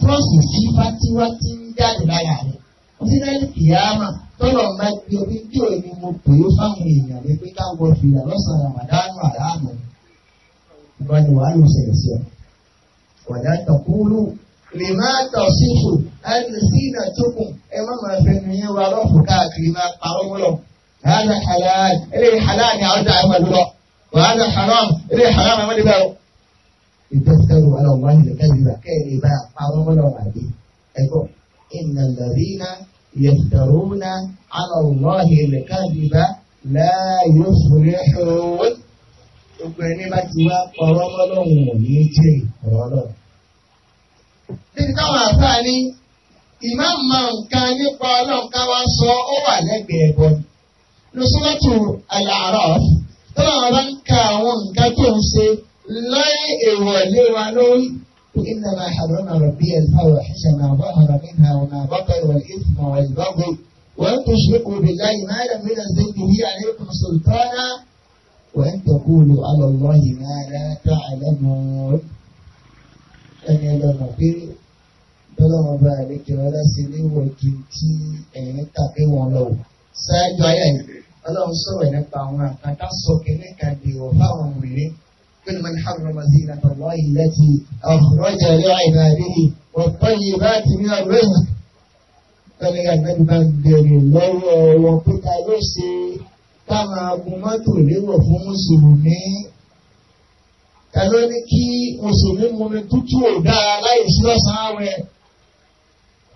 Speaker 2: trọ́ọ̀sì sí wátíwá ti ń jáde lára rẹ̀ wọ́n ti dáhùn kìyàmà tọ́lọ̀ máa di omi tí ò ní mo pè é fáwọn èèyàn rẹ̀ pé káwọn fìlà lọ́sàn àmàdánù àràmù ìgbà ni wàá lọ sẹ̀rẹ̀ sí ọ. wàdà tọkúrú lè má tọ̀ sífù ẹni sí ìnà tókùn ẹ má máa fẹnu yẹn wa lọ́fù káàkiri máa parọ́ mọ́lọ̀. هذا حلال إليه حلال يرجع يوم البلوغ وهذا حرام إليه حرام يوم البلوغ لتفتروا على الله الكذبة كان باع حرام ولا عليه أيوه إن الذين يفترون على الله الكذبة لا يفلحون gbogbo ẹni bá ti wá ọ̀rọ̀ ọlọ́run ò ní jẹ́ ọ̀rọ̀ ọlọ́run. níbi táwọn àfáà ní ìmáàmù nǹkan nípa ọlọ́run wá sọ ó wà lẹ́gbẹ̀ẹ́ bọ́ọ̀lù lọ́sọ́lọ́tò àlàárọ̀ tó náà bá ń ka àwọn nǹkan tó ń ṣe láì èèwọ̀ lé wa lórí. إنما حرم ربي الفواحش ما ظهر منها وما بطن والإثم والبغي وأن تشركوا بالله ما لم ينزل به عليكم سلطانا وأن تقولوا على الله ما لا تعلمون ẹni ọlọ́mọ pé bọ́lọ́mọ bá àlejò ọlá sí ilé ìwọ̀n kìí tí ẹ̀yìn tàbí wọn lọ ṣáájú ayé àìsàn ọlọ́run sọ̀rọ̀ nípa àwọn àkàtà sọ kìíní kan di wọ̀ fáwọn wèrè kúlù mọ́ni hàrùmọ́ sí ìlànà wọ́n yìí lẹ́tì ọ̀rọ̀jà ilé àìlà àdéhì ọ̀pọ̀ yìí bá ti ní ọ̀rọ̀ yìí. Tọ́lá ìgbàgbọ́n bá bẹ̀rẹ̀ lọ́wọ́ wọn pé ló ṣe táwọn agun mọ́tò léwọ̀ fún mùsùlùmí. Ta ló ní kí mùsùlùmí múni tútù ò dáa láì ọ̀sán rẹ̀?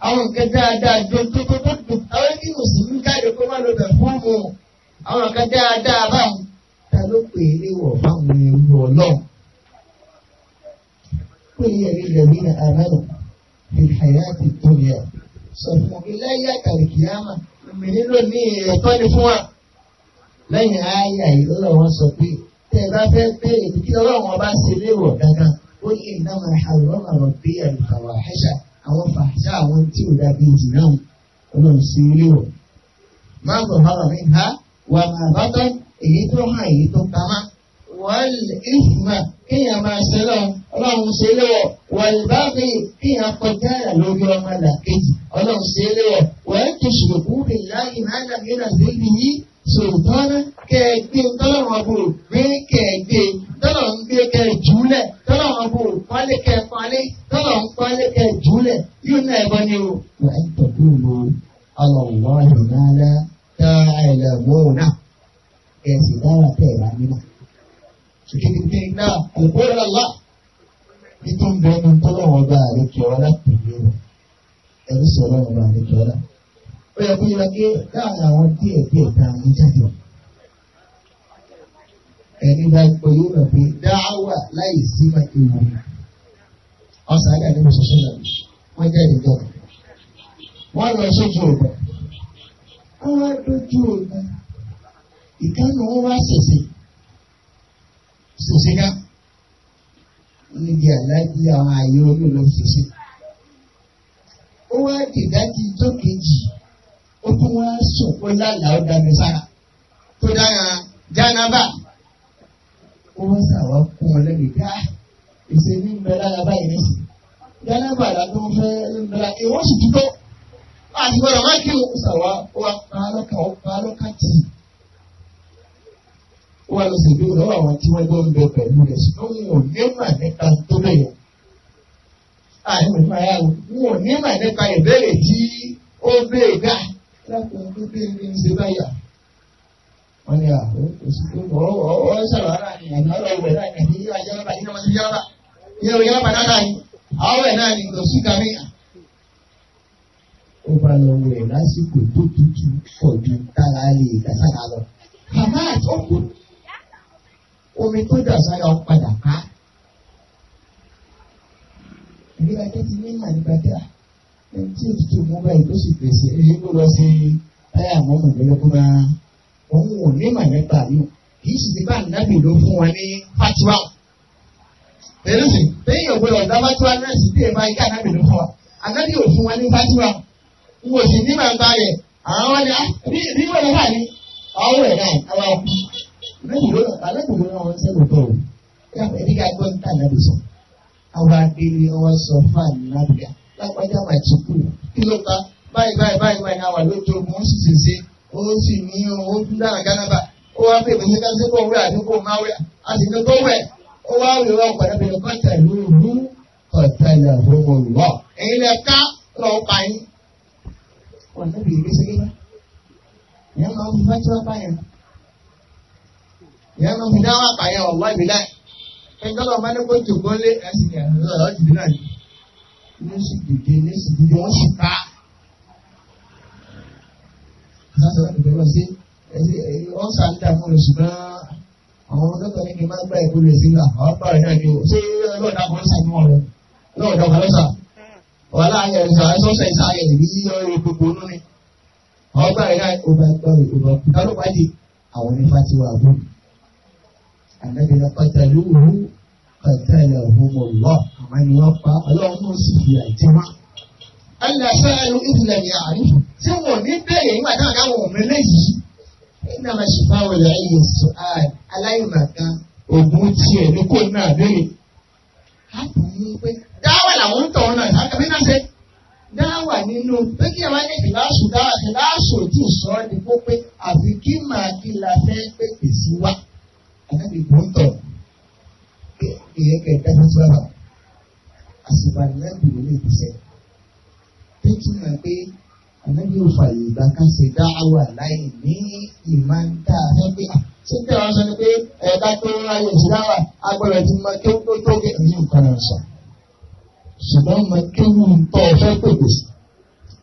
Speaker 2: Àwọn nǹkan dáadáa jọ tó tó tó dùn. Àwọn kí mùsùlùmí káàdì kó má lọ bẹ̀ fún mu àwọn kan dáadáa báwọn ta ló pè é léwọ̀ báwọn ẹrú ọlọ́run pé ẹ̀rí lẹ́bí ní àmàlù ìfàyà ti tó ní ẹ̀ sọ fún mi láyé àtàrí kìámà mi nílò ní ẹ̀tọ́ ni fún wa
Speaker 1: lẹ́yìn ayé àyè lọ́wọ́
Speaker 2: sọ pé tẹ́ ẹ bá fẹ́ pé èmi kí ọba ṣe léwọ̀ dandan ó ní ìnáwó àlọ́run àwọn bí àlùfàwà àṣà àwọn fàṣà àwọn tí ò dàbí ìjìnà ọlọ́run ṣe léwọ̀. máa bọ̀ bá wà ní ha wà má bàtọ́ èyí tó hàn èyí tó pamá. wal isma kíyàn máa ṣe lọ ọlọ́run ṣe léwọ̀ wal baghi kíyàn kọjá yà lórí ọmọ làkejì ọlọ́run ṣe léwọ̀ wal tushriku billahi máa dà mí nà síbi yìí sòtọ́nà kẹ̀ẹ́gbé tọ́lọ́run ọ̀bùrù gbé kẹ̀ẹ́gbé tọ́lọ́run gbé kẹ̀ẹ́júlẹ̀ tọ́lọ́run ọ̀bùrù pálí kẹ̀ẹ́pálí tọ́lọ́run pálí kẹ̀ẹ́júlẹ̀ yóò náà ẹ̀bọ ni o. wà á tọ́jú lu alọ́ wọ́n yóò náà تعلمون ẹ̀sìn dára tẹ̀ wá nílà. Ṣùgbọ́n ní náà kò bóyá lọ́la nítorí bẹ́ẹ̀ ni tọ́lọ́wọ́ bá àlékè ọlá pèlè rẹ̀ ẹ̀rí sọ̀rọ̀ ọ̀rọ̀ àlékè ọlá. Ó yẹ kó yẹ kí láàrin àwọn díẹ̀ díẹ̀ ta ní jáde. Ẹni bá gbọ́ yóò rẹ̀ pé dáwà láì sí ma ewu. Ọ̀sán àgbà ni mo ṣiṣẹ́ lọ, wọ́n jáde jọ. Wọ́n lọ sójú ọ̀gbọ̀n wọ́n wá dójú ogun ìkànnì wọn wá ṣẹ̀ṣẹ̀ ṣẹ̀ṣẹ̀ ká wọ́n níbi àlájú àwọn ààyè olóòlò ṣẹ̀ṣẹ̀ ó wá dìdájí ijó kejì ó tún wá sòkó lálàá ó dànù sára tó dára jánábà ó wá sàwọ́ kún ọ lẹ́nu ká ìṣèlú ń bẹ lára báyìí nísìnyí jánábà làdó fẹ́ ń bẹ lára èèwọ̀ sì dúró àti gbọ́dọ̀ kí o sàwọ́ ó ó wá lọ sí ìlú lọ́wọ́ àwọn tí wọ́n gbọ́ ń bẹ pẹ̀lú rẹ̀ ṣùgbọ́n wọn ò ní mà nípa tó bẹ̀yẹ̀. àwọn ìmọ̀ ara wọn ò ní mà nípa ìbéèrè tí ó béèrè dá lákòókò tó béèrè ń ṣe báyà. wọ́n ní àwọn oṣù tó wọ́ ọ́ sọ̀rọ̀ ara ni àná ọ̀rọ̀ ìwẹ̀ náà ni àyè ó bá lọ wẹ̀ lásìkò tó tutù ọ̀dùn tára lè dá lọ. Bàbá àtọ́kùn omi tó dọ̀sán lọ padà ká. Ìgbéga kí ti ní màá nípa kíra. Ẹni tí òtútù mú báyìí ló sì pèsè èyí ló lọ sí táyà mọ́mọ́ ìlọ́lọ́gbọ́n náà. Òun ò ní màá nípa yìí. Kì í sì ti bá ànábì ló fún wa ní fatiwa. Bẹ́ẹ̀ni sì, lẹ́yìn òwe ọ̀dọ́ fatiwa náà sì dé máa ká ànábì ló fún wa. Ànábì ò fún wa ní fatiwa. N kò sì ní màá bá yẹ. Àwọn ọ̀dà rí ìwé ọ̀dọ́ wà ní ọ̀rọ̀ ẹ̀ náà, àwọn ọ̀kú lóyìnbó náà alágbèbó náà wọn sẹ́nu bọ̀ o yàtọ̀ ẹni ká gbọ́ níta nàbì sọ àwọn agbèrè wọn sọ fáàn nàbìyà lápájà máa ti kú kí ló bá báyìí báyìí báyìí báyìí náà wà lójú ogun ó sì sì ṣe ó sì ní owó dára gánábà ó wá pè mí ní ká sẹ́kọ̀ọ́ wẹ̀ àdúgbò máa wẹ̀ a sì ní tó wẹ̀ ó wá rè wá ọ̀pọ̀ ẹ̀dẹ́gbẹ̀rẹ̀ kọ́tà ìlú ìlú kọ́tà ìlà ọ̀hún ẹ̀yin lẹ ìyá ló ń fi dáwọ́ àpàyàn ọ̀wọ́ ìbílẹ̀ ẹjọ́lọ́ bá ní kó jòkó lé ẹsìn ẹ̀rọ ọ̀dìdì náà yìí ní sì dìde ní sì dìde wọ́n sì pa. sásọ ìgbẹ́ lọ sí wọ́n sàn dà fún oṣù náà àwọn dọ́kítà ní kí n máa gbá ìkú rẹ̀ sílẹ̀ àwọn bá rẹ̀ náà ni o ṣé lọ́ọ̀dà kan kan lọ́sà wàhálà ayẹyẹsà ẹsọ́sẹ̀ ìsà ayẹyẹ ní ọ̀rẹ́ gbogbo nínú ni àwọn bá rẹ̀ náà ò bá gbá ìkú di àwọn onífàtiwà àbúrò ànábi náà pátá lóhùn pátá ilẹ̀ ọ̀húnmọ̀ lọ àwọn ẹni wọ́n pa ọlọ́run náà sì fi àìtí wá. ẹlẹ́fẹ́ ẹlú ìdílé mi àárín tí wọn ní bẹ́ẹ̀ nígbà táwọn káwọn ọmọ eléyìí nígbà máa ṣe báwọn ilẹ̀ ayé sọ aláìmọ̀ká ògùn tiẹ̀ ní kò náà lóye. a kò ní pé dáwà làwọn ń tọ̀ ọ́ náà sákàbí náà ṣe dáwà nínú pé kí ẹ ànábì kò ń tọ̀ kí ẹ kẹ dáhùn sábà àsìkò ànábì ò lè tẹ̀sẹ̀. tó túmọ̀ pé ànábì ò fààyè ìgbà kan ṣe dá àwà láì ní ìmáńtà àfẹ́gbé. síbẹ̀ wọn sọ pé ẹ̀ka tó ń ráyè sí dáwà agbọ́dọ̀ ti mọ tó tó tó kẹ́ ẹ̀yìn nǹkan náà sọ. ṣùgbọ́n mo kéwù ń tọ́ ọ fẹ́ pèpè sí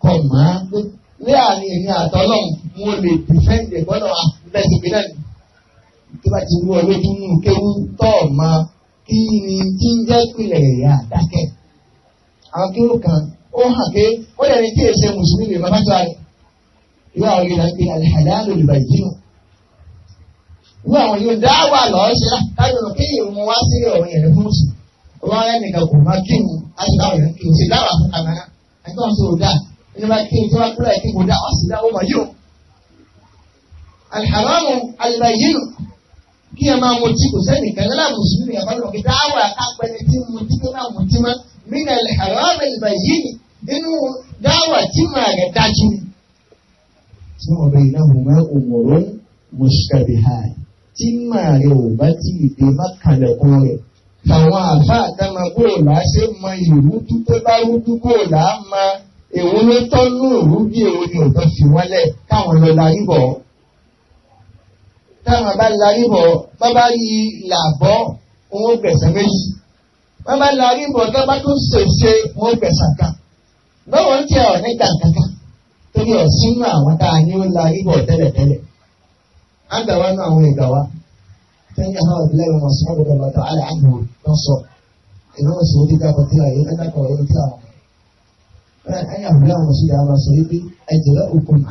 Speaker 2: kọ́ máa ń gbé ní àárín èmi àtọ́lọ́hún mo lè dìfẹ́ǹdì gbọ́dọ̀ àfẹ́sìnkì náà tó bá ti rú ọ lójú nù kéwú tọ́ ọ̀ma kí ni tí ń jẹ́ ìpìlẹ̀ ẹ̀yà àdákẹ́. àwọn kéwú kan ó hàn pé ó yẹ ní kí èsè mùsùlùmí lè má bá tó a rẹ̀. ìwé àwọn yóò dá pé àlìhàlẹ́ àlòlùbà ìdíyàn. ìwé àwọn yóò dá wà lọ́ọ́ ṣe lá kájọ lọ kéèyàn mú wá sílẹ̀ ọ̀rọ̀ yẹn fún mùsùlùmí. ọba yẹn nìkan kò má kí mu láti báwọn yẹn kí mu ṣe dáwà fún kàmáná ẹgbẹ́ wọn sọ òdà ẹni bá kí mu tó bá kúrò ẹ̀ kí mu dá ọ̀ sì dá ó mọ̀ yóò. alḥaramu albayinu kí ẹ máa mutí kò sẹ́ni kan lọ́la mùsùlùmí ẹ̀ fọlọ́ kí dáwà kápẹ́ni tí mutí tó máa mutí mọ́ mílẹ̀ lẹ̀ haram al-bayyin nínú dáwà tí màá rẹ̀ dájú ni. tí wọn bẹ iná mọ òmùrún mushtabihan tí màá rẹ̀ ò bá tí ì dé má kalẹ̀kùn rẹ̀ àwọn àfa àtàmà bóòlà ṣe mọ ìlú dúpé bá rúdú bóòlà máa èwo ló tọ́nú òrú bí èwo ni ò táwọn bá larí bọ̀ bá bá rí làbọ́ wọn gbẹ̀sẹ̀ méjì bá bá larí bọ̀ tó bá tó ṣèṣe wọn gbẹ̀sẹ̀ kan báwo ń tẹ ọ̀ní kankankan torí ọ̀sínú àwọn tá a ní ó larí bọ̀ tẹ́lẹ̀tẹ́lẹ̀ á gbà wá nú àwọn ìgbà wa tẹ́yìn àwọn ìbílẹ̀ wọn gbọdọ̀ lọ́tọ̀ àlẹ́ àgbò lọ́ sọ ìnáwó sì orí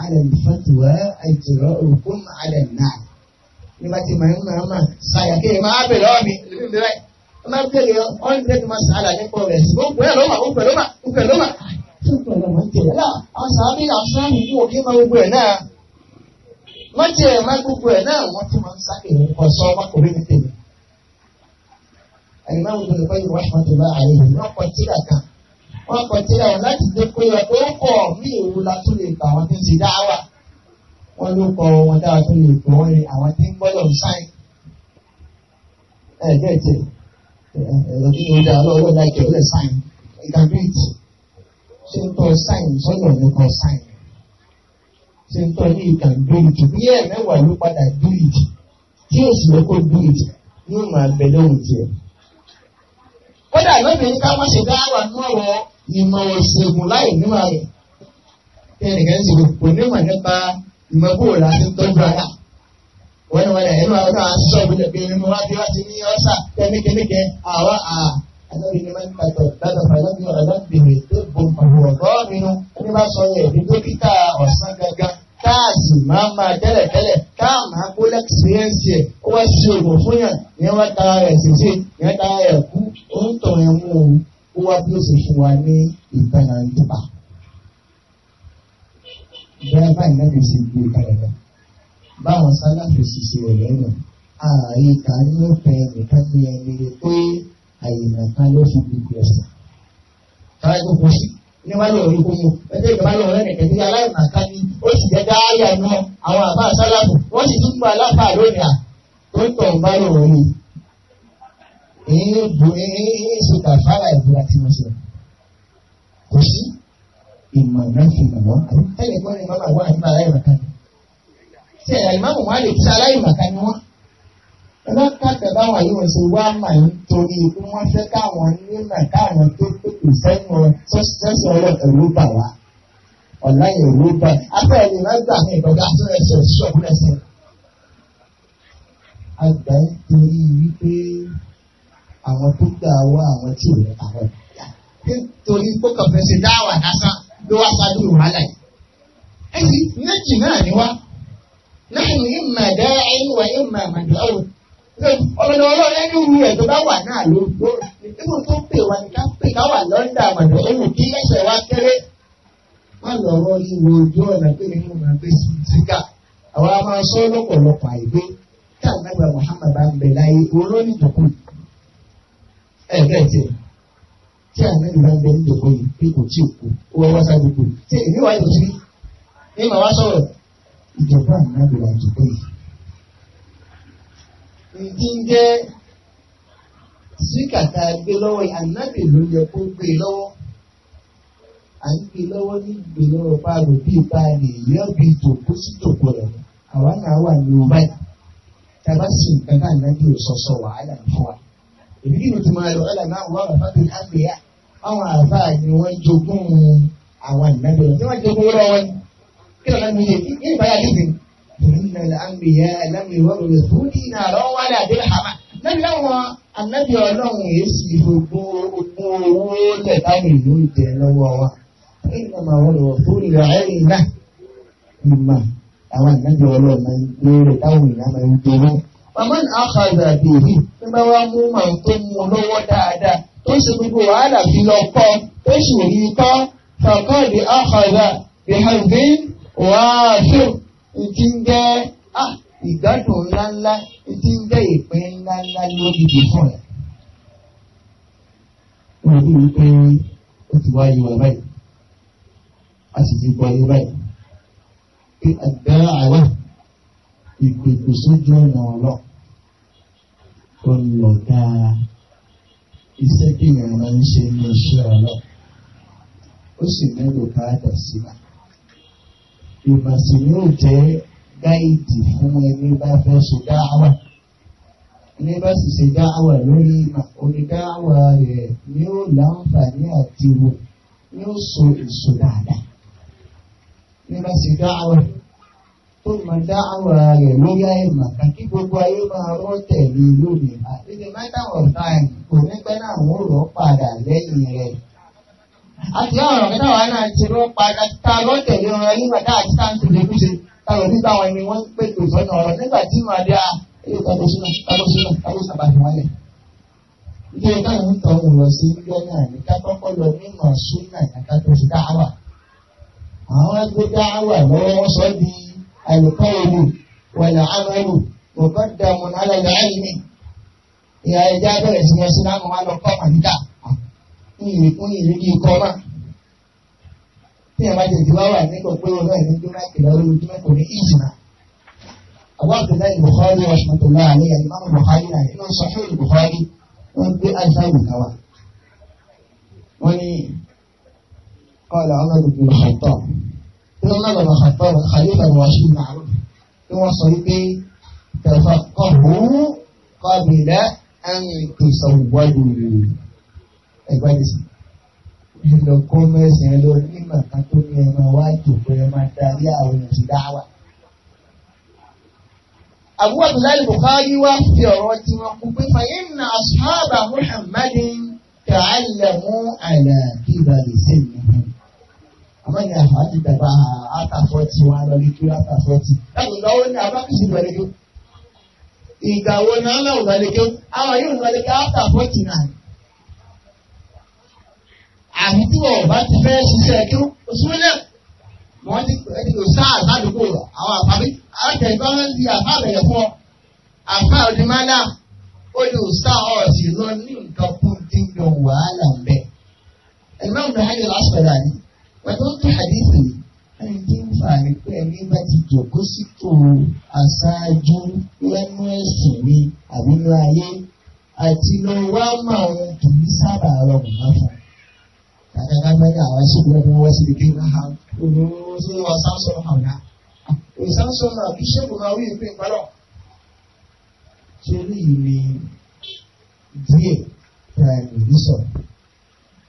Speaker 2: على الفتوى أجرأكم على النعم ní bá ti máa ń máa máa ṣàyàké máa bẹ̀ lọ́wọ́ mi lórí mi bẹ́ẹ̀ ẹ máa ń bẹ̀rẹ̀ ọ̀nìyàn tó máa ṣàlà nípa rẹ̀ ṣùgbọ́n pẹ̀lú ọ̀rọ̀ mà ó pẹ̀lú mà ó pẹ̀lú mà fún pẹ̀lú mà ń tẹ̀lé náà àwọn sàábí àṣọ́ràn kú òkè máa gbogbo ẹ̀ náà wọ́n tiẹ̀ máa gbogbo ẹ̀ náà wọ́n ti máa ń sáké ọ̀ṣọ́ ọmọkùnrin ní tèmi. àyìnbá wo ló bá yìí wọ́n ṣàtò bá àyè wọ́n wọ́n kọ̀ mí wọ́n ló kọ wọn dára tó lè gbọ́ ẹ àwọn tí ń gbọ́dọ̀ sáì ẹ bẹ́ẹ̀ tẹ ẹ̀rọ tí ó dára lọ́wọ́ láìpẹ́ ó lè sáì ìdàgbéjì ṣé ń tọ́ sáì sọ́dọ̀ ló kọ sáì ṣé ń tọ́ ní ìdàgbéjì bí ẹ̀ mẹ́wàá ló padà gbéjì tí ó sì lóko gbéjì yóò máa bẹ lóhùn tiẹ̀. kódà lóbi ní ká má ṣe dáhàrà ní ọ̀rọ̀ ìmọ̀ ìṣègùn láì níwà rẹ̀ kí ẹnìkan ṣe kò nímọ̀ nípa ìmọ̀gbò láti ń tọ́jú ara wọ́n wọ́n ẹ̀rọ àwọn tó àwọn sọ́ọ̀bù lẹ́gbẹ̀ẹ́ nínú wá bí wá ti ní ọ́sà kẹ́míkẹ́míkẹ́ àwa àlọ́rin ní máa ń gbàgbọ́ gbàgbọ́ fàlọ́bí ọ̀rọ̀ bèrè tó gbòm ọ̀rọ̀ gọ́ọ̀mìnú ẹni bá sọ yẹ ní dókítà ọ̀sán gangan káàsì máa máa tẹ́lẹ̀tẹ́lẹ̀ káà máa kó lẹ́kìsíyẹ́nsì ẹ̀ ó wá sí oògùn fún yàn ìyẹn wá ta rẹ̀ síse ìyẹn ta rẹ̀ kú ó ń tọ̀ ẹ̀ mú un ó wá bí ó sì fún wa ní ìgbàlá ìjọba bẹ́ẹ̀ báyìí náà lè ṣe gbé kalẹ̀ lọ báwọn sáláfì ṣiṣẹ́ rẹ̀ lẹ́yìn ààyè kàánú ọ̀fẹ́ nìkan ní ẹni rẹ̀ pé àyìnbá kan ló fi gbogbo ẹ̀sẹ̀. káwé tó kù sí ní wáyé orí kó mú ẹgbẹ́ ìjọba yóò rẹ́ nìkan ní aláìmọ̀ kan ní ó sì jẹ́ dááyà inú àwọn àbá sáláfì wọ́n sì tún gba aláfà lónìí à tó ń tọ̀ ń bá yóò rí èyí ń ṣe kàfàrà ìbúra tí wọ́n ṣe kò sí ìmọ̀ náà sì mọ̀ wọ́n. ẹnì kan ní màmá wa àti màlá ìmọ̀ kan. ṣe àìmáàmù wa lè ṣe aláìmọ̀ kan ni wọ́n. ọlọ́kàtà báwọn yìí wọ́n ṣe wá mà ń torí pé wọ́n fẹ́ káwọn nímọ̀ káwọn tó tètè sẹ́nu sọ́sọ́ ọlọ́ ẹ̀rú bà wá. ọ̀la ẹ̀rú bà afẹ́ ẹ̀rú náà gbà mí ìbọn bá tún ẹsẹ̀ ṣọ́ọ̀bù ẹsẹ̀. àgbà ń torí wípé àwọn tó gbà wá àwọn tí ò nítorí pé kọ̀ọ̀fẹ́ ṣe dáwà lásán ló wá sáájú wàhálà yìí. ẹ sì méjì náà ni wá láàrin ìmọ̀ ẹ̀dá ẹ̀yìn wa ìmọ̀ àmàdà ọ̀hún. ọ̀nà ọlọ́run ẹni wù ẹ̀ tó bá wà náà ló gbó. nígbà tó pè wá ní ká pè ká wà lọ́ńdà àmàdà ọ̀hún kí ẹsẹ̀ wá kéré. má lọ rọ ìwò ojú ọ̀nà pé nínú ọ̀nà pé síkà àwa máa sọ lọ́pọ̀lọpọ̀ àìgbé káà nàgbà Muhammad bá ń bẹ láyé olórí ìtọ́kùn ẹ̀ẹ́dẹ́gbẹ̀ẹ́ tí àná ìlú ń bẹ ní ìjọba yìí pé kò tí ò kú ó wá wá sáré kú ṣé èmi wà yóò sí ní màá wá sọ̀rọ̀ ìjọba àná ìlú ìjọba yìí. ǹdí ń jẹ́ síkàtà gbé lọ́wọ́ yìí ànábì ló yẹ kó gbé e lọ́wọ́ à ń gbé e lọ́wọ́ ní gbé lọ́wọ́ bá rò bí bá lè yẹ bí tòkó sí tòkó rẹ̀ àwa náà wà ní ọba yìí tàbá sì nǹkan náà náà yóò sọ̀sọ̀ wàhálà fún wa. èmi nínú ti máa lọ ọ̀là náà wà wà fábíyà àwọn àfáà ni wọ́n jogún àwọn ànábì wọn tí wọ́n jogún lọ́wọ́ wọn kí lọ́la mi yẹ kí ní ìbáyà dìde ìrìnà àmì yẹ ẹlẹ́mìí wọ́n rẹ̀ fún dínà lọ́wọ́ wálé àdéhà hàmà lẹ́yìn láwọn ànábì ọlọ́run yìí sì gbogbo ogun owó tẹ̀ka ìlú ìtẹ̀ lọ́wọ́ wa ìnà máa wọ́n rẹ̀ fún ìlú ẹ̀yìn náà ìmọ̀ àwọn ànábì ọlọ́run máa ń gbére táwọn ìlà máa ń tó ṣe gbogbo wàhálà fi lọ kọ́ tó sì rí kọ́ fàkọ́ọ̀dì àkàdà ìhàbí wàásù ti ń jẹ́ ah, ìgbádùn ńláńlá ti ń jẹ́ ìpín ńláńlá lójijì fún ẹ̀. wọ́n rí i pé ó ti wá yí báyìí a sì ti gbọ́ yí báyìí pé àgbẹ̀ àwẹ̀ ìpèkùsójú ọ̀nà ọ̀rọ̀ ó lọ dáa iṣẹ́ bí yẹn máa ń ṣe ní iṣẹ́ ọlọ́run ó sì nílò káàdà síra ìbàsí yóò jẹ́ gáìdì fún ẹni bá fẹ́ ṣe dáhàwà ẹni bá sì ṣe dáhàwà lórí ìmọ̀ onídáhàwà rẹ̀ ni ó láǹfààní àti wò ni ó so èso dáadáa ẹni bá ṣe dáhàwà tó mọ̀ dá àwọn rẹ̀ lórí àìmọ̀ kan kí gbogbo ayé máa rọ́ tẹ̀lé lónìí àti the matter of time kò ní pẹ́ náà wọ́n rọ̀ padà lẹ́yìn rẹ̀. àti ọ̀rọ̀ kẹta wà náà ti rọ́ padà ta rọ́ tẹ̀lé ọ̀rọ̀ nígbà tá àti táǹtì lè kúṣe táwọn nígbà wọn ni wọ́n ń pè tó sọ́nà ọ̀rọ̀ nígbà tí màá dé a ah, ilé ìtàkó sínú ìtàkó sínú ìtàkó sàbàtì wọn lẹ̀. ilé táwọn ń tọ́ wọn lọ sí ilé náà ní kákọ́kọ́ lọ mímọ̀ súnà àtàkó sí dáhàwà. àwọn agbé lọ́wọ́ sọ́ di القول والعمل مقدم على العلم ìyá ẹja bẹ̀rẹ̀ sí yẹn sílámù wa lọ kọ́ màdíkà ní ìrìkún ìrírí ikọ́ náà tí ẹ̀ máa tètè wá wà nígbà pé ọ̀rọ̀ ẹ̀ ní dúró ìlà orí ojúmọ́ kò ní ìjìnà. àwọn àpèlẹ́ ìbùkọ́rí ọ̀ṣunmọ̀tòlá àlẹ́ ẹ̀ ìmáàmù bùkọ́rí náà nínú sọ́fún ìbùkọ́rí wọ́n gbé àìsàn ìkàwà. wọ́n ní kọ́ọ̀lù ọlọ́dún ìbùkọ́tọ̀ tí wọ́n lọ́lọ́ wàhálà khalifa rashid ma'ruf tí wọ́n sọ wípé tẹ̀fà kọ̀hù kọ́bìlẹ̀ ẹ̀ǹtìsọ̀wọ́lù ẹgbẹ́ nìsí. Ìlọ kọ́mẹ́sì ẹ lọ nígbà kan tó ní ẹ máa wá ìjòkó ẹ máa darí àwọn èèyàn sí dáwà. Abu Abdullahi Bukhari wá fi ọ̀rọ̀ tí wọ́n kú pé fàyínà ashaba Muhammadin ta'allamu ala kibari sinihim amanya afaati daba ata fọti wa lọri kiri ata fọti ẹmu gawo ni abakisi baleke ìgbàwo n'ala ò baleke awa yóò baleke ata fọti na àfi tí wọn bá ti fẹ́ ṣiṣẹ́ kí osùnmọ́lẹ̀ wọn ti ẹni tó sáà sádùúgbò àwọn àfàbí àtẹ̀gbọ́n ti àfà bẹ̀rẹ̀ fún ọ àfà òdìmọ́lá olùsá ọ̀sìn lọ ní nǹkan kún dín ní wàhálà ń bẹ̀ ẹ̀gbọ́n mi ayọ̀ lásìkò rẹ̀ pẹ̀lú tàdísì ẹni tí ń fà ní pé ẹni bá ti jòkó sípò aṣáájú lẹ́nu ẹ̀sìn mi àbí ní ayé àti lọ wá máa wọn kì í sábà rọrùn má fún un. Kàkà ká fẹ́ ní àwọn aṣèkú ẹgbẹ́ wọn sì dé ní ha olóró sí wọn sáńsọ̀rọ̀ hàn náà. Òsáńsọ̀rọ̀ àbí ṣẹ́gun náà wíyí pé ìpàdọ̀. Torí mi díẹ̀ tá a sọ̀rọ̀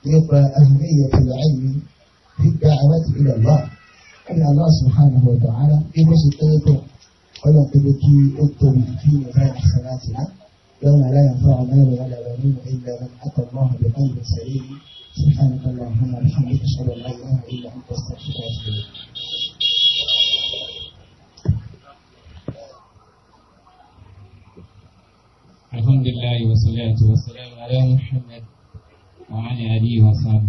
Speaker 2: nípa àmì ìyẹ̀pẹ̀lẹ̀ àìní. في الدعوة إلى الله أن الله سبحانه وتعالى يبسط يده ولا تبكي أكتب في مزايا حسناتنا يوم لا ينفع مال ولا بنون إلا من أتى الله بقلب سليم
Speaker 1: سبحانك اللهم وبحمدك أشهد أن لا إله إلا أنت أستغفرك وأتوب الحمد لله والصلاة والسلام على محمد وعلى آله وصحبه